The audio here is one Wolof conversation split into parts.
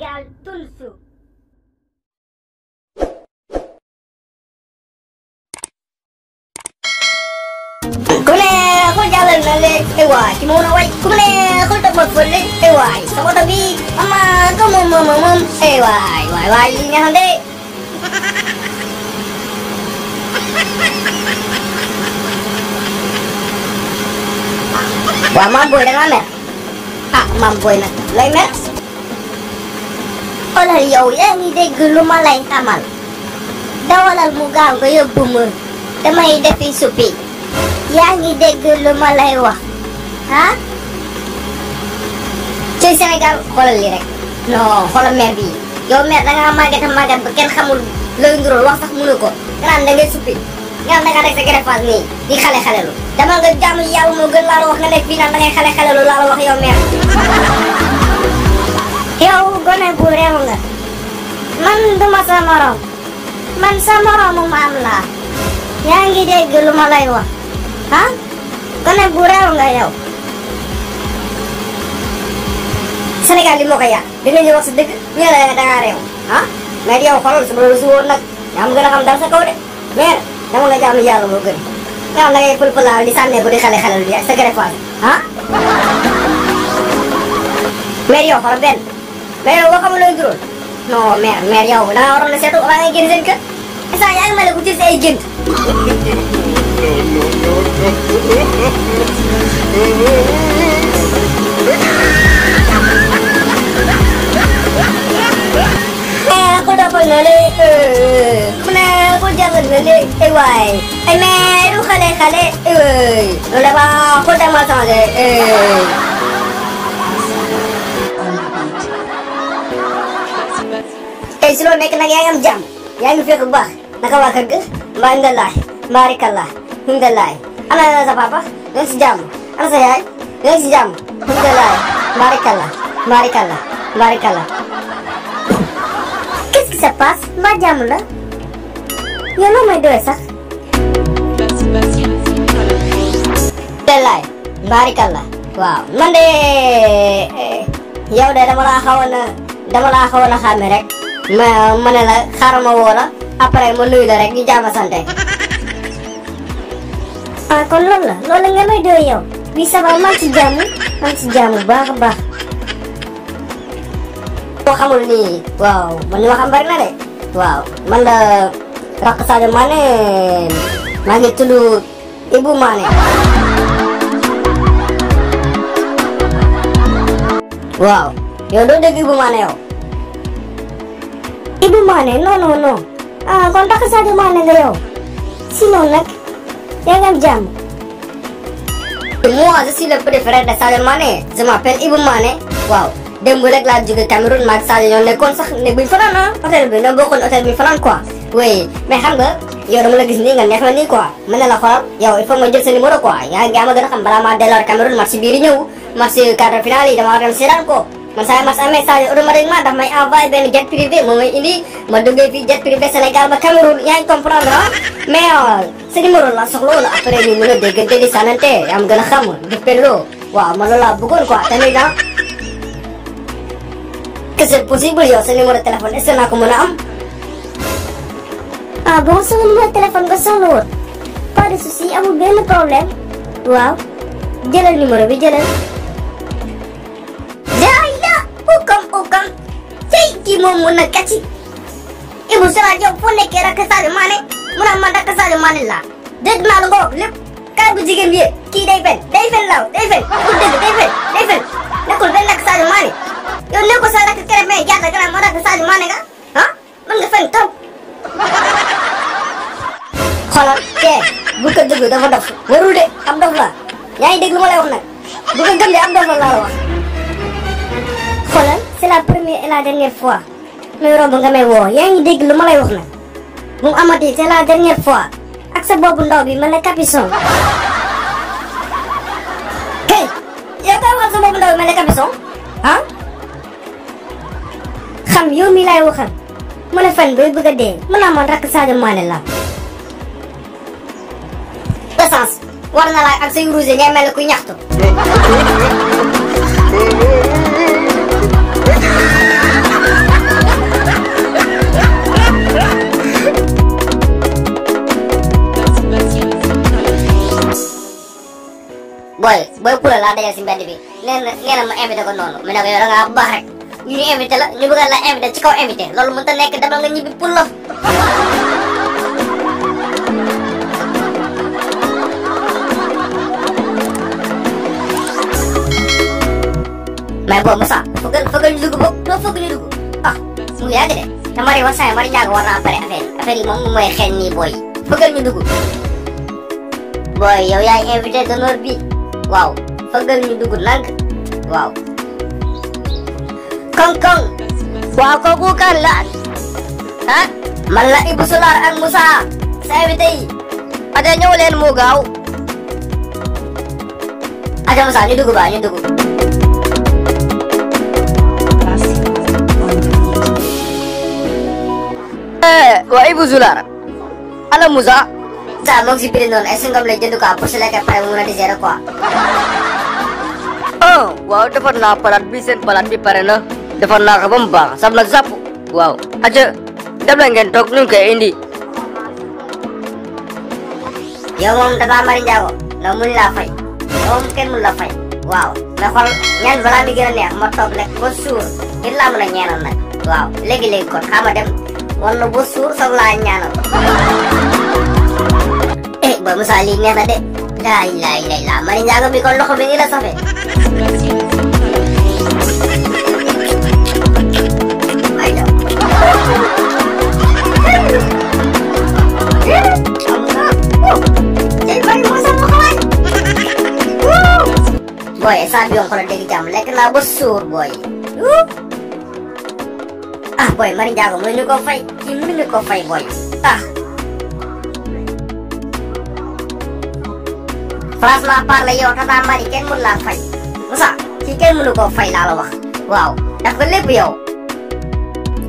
Sénégal tulsu ku neexul jàllal na leen ay waay ci moom na way ku neexul toog ma fële ay waay sa oto bi ama ko moom moom moom ay waay waay waay yi nga xam de waaw maam booy da ngaa mer ah maam booy nag lay mer xoolal yow yaa ngi dégg lu ma lay xamal dawalal mu gaaw nga yóbbu ma damay defi suppi yaa ngi dégg lu ma lay wax ah. ci Sénégal xoolal li rek non xoolal mer bi yow mer da ngaa màggat a màggat ba kenn xamul looy ndural wax sax mënu ko nga naan da suppi nga naan da ngaa rek sa gërëfaas nii di xale xale dama nga jaamu yàlla moo gën laa la wax nga nekk fii naan da xale xale laa la wax yow mer. yow gone gu réew nga man duma sa morom man sa moroomu maam laa yaa ngi dégg lu ma lay wax ah gone gu réew nga yow Sénégal li moo ko yàq dinañu wax sa dëgg ñu ne la dangaa réew ah mais yow xoolal su loolu si woon nag yaa am gën a xam dara sa kaw de mais dama nga jaamu yàlla moo gën nga xam da ngay pël-pëlaaw di sànnee ko di xale xelal bi sa greffage ah mais yow xool benn mais yow boo xamul looy juróol non mère mère yow da nga waroon a seetu balaa ngay génn seen kër instant yaa ngi mel ne ku ci ay gént. ku dapal na léegi mu ne ku jàngat na léegi ay waay ay mais du xale xale ay waay loolu dafa ku demal changé tey si loo nekk nag yaa ngi am jàmm yaa ngi fekk bu baax naka waa kër ga mbaa nga laay sa papa nga si la yow loo may doy sax waaw man de eh, eh, yow de dama laa xawoon a dama laa xawoon a xàmme rek ma ma ne la xaaral ma woo la ma nuyu la rek ñu jaama sante. ah kon loolu la loolu la nga may doy yow bii ça va maa ngi ci jàmm maa ngi ci jàmm bu baax a baax. boo ma xam bari la rakk Sadio Mané maa ngi tudd Ibou Mané. waaw yow doo dégg Ibou Mané yow. Ibou Mané non non non ah kon tax Sadio Mané nga yow sinon nag yaa ngi am jàmm. moi je suis le préféré de Sadio Mané je m'appelle Ibou Mané waaw démb rek laa jóge Cameroun maag Sadio ñoo nekkoon sax ne buñ a ah hôtel bi ñoo bokkoon hôtel bi fanaan quoi. oui mais xam nii nga neex na nii quoi mën na la xoolal yow il nga jël sa numéro quoi yaa ngi ama gën a xam balaa maa delluwaat Cameroun match ñëw match quart de finale yi damaa ko. man saa mas amee saa automatiquement daf may envoyé benn jet privé moom may indi ma duggee fii jet privé Sénégal ba Cameroun yaa ngi comprendre ah mais sa numéro la soxla woon après ñu mën a déggante di sanante yaa ma gën a xam du pelloo waaw man loolu laa bëggoon quoi tamit ah que c'est possible yow sa numéro téléphone est-ce que naa ko mën a am ah bon sama numéro téléphone nga soxla woon pas de souci amul benn problème waaw jëlal bi jëlal moom mun na kàcci Ibou Souare yow foo nekkee rakk Sadio Mané mu ne man rakk Sadio Mané laa la nga wax lépp kaay bu jigéen bi kii day fen day fen laaw day fen pour dégg day fen yow nekkul sa rakk kere mais jaata gannaaw ma rakk Sadio Mané nga ah mën nga fen taw. xoolal kee bu ko déglu dafa dof warul de am dof la yaa ngi dégg lu ma lay la wax xoolal c'est la première et la dernière fois. luy romb nga may woo yaa ngi dégg lu ma lay wax nag bu mu amati c'est la dernière fois ak sa boobu ndaw bi mel ne capuchon. kay yow koy waxal sa boobu ndaw bi mel ne capuchon ah xam yow mi laay waxal mu ne fan bay bëgg a dee mën naa man rakk Sadio Mané la essence war na laa ak say rouge ngay mel ne ku ñaxtu. booy booy pulal laa dajal si mbedd bi ma invité ko noonu mu ne ko yow da ngaa ñu ñu invité la ñu bëgg la invité ci kaw invité loolu mënut a nekk demal nga ñibbi pul la. mais boobu Moussa fëggal fëggal ñu dugg boobu doo fëgg ñu dugg ah mu yàgg de te Marie war saa Marie Ndiago war naa pare affaire yi affaire yi moom mooy xel nii booy yi fëggal ñu dugg booy yow yaay invité d'honneur bi. waaw fëggal ñu dugg lànk waaw koŋ-koŋ waaw kooku kan la ah man la Ibou Soulard ak Moussa sa invité yi ate mu gaaw ate Moussa ñu dugg ba ñu dugg eh, waa Ibou Soulard ala Moussa ça moo ngi si biir noonu ay singom lay jënd pare mu mën di gérer quoi. ah waaw defar naa palaat bi seen palaat bi pare na defar naa ko ba sab na zàpp waaw. aca dem la ngeen toog nu koy indi. yow moom dafa mari njaago na mun laa fay moom kenn mun la fay waaw mais xool ñaan balaa mi gën a neex lekk ba suur ngir laa mën waaw léegi-léegi kon xama dem wala ba suur soog laa ñaanal በምሳሌ የሚያሳደ ላይ ላይ ላይ አማርኛ ጋር ቢቆሎ ሆብኝ ለሰፈ boy saat biong kono degi jam lek na besur boy ah boy mari jago mulu ko fay mulu ko fay boy ah franchement parler yow Tata Mari kenn mënu laa fay Moussa kii kenn mënu koo fay laa la wax waaw daf ko lépp yow.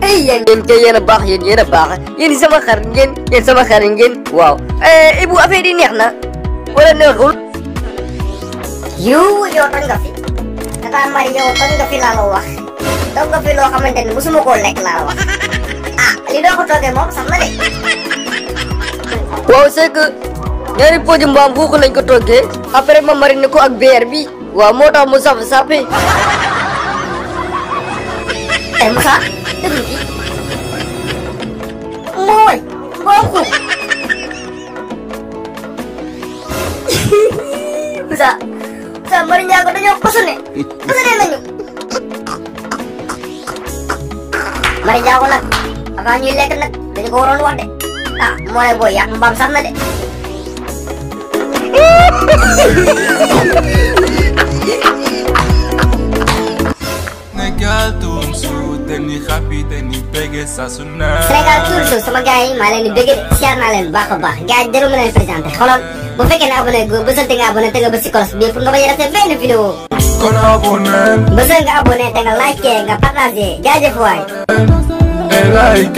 ay yéen ngeen ca yéen a baax yéen yéen a baax yéen sama xarit waaw. Ibou affaire yi neex na wala neexul. yow yow toj nga Mari yow toj laa la wax toj nga fi loo xamante ni mosuma koo lekk laa la wax ah li doo ko toogee moom sax na waaw c'est que. ñaari pooju mbaam xuux lañ ko toggee après ma mariné ko ak beer bi waaw moo tax mu saf sape eh Moussa déglu kii moo way mbaam xuux Moussa Moussa mari ñaa ko dañoo posone ko nag avant ñuy lekk nag dañu ko waroon wax de ah booy yàq mbaam sax de Sénégal tuum su dañuy sama gars maa leen di bége siyaar naa leen bu baax a baax gars yi jarul ma leen présenté xoolal bu fekkee ne te nga abonné te nga bës si kolos bi pour nga bañ a raté benn vidéo. kon abonné. bësal nga abonné te nga liké nga partagé jaajëf waay.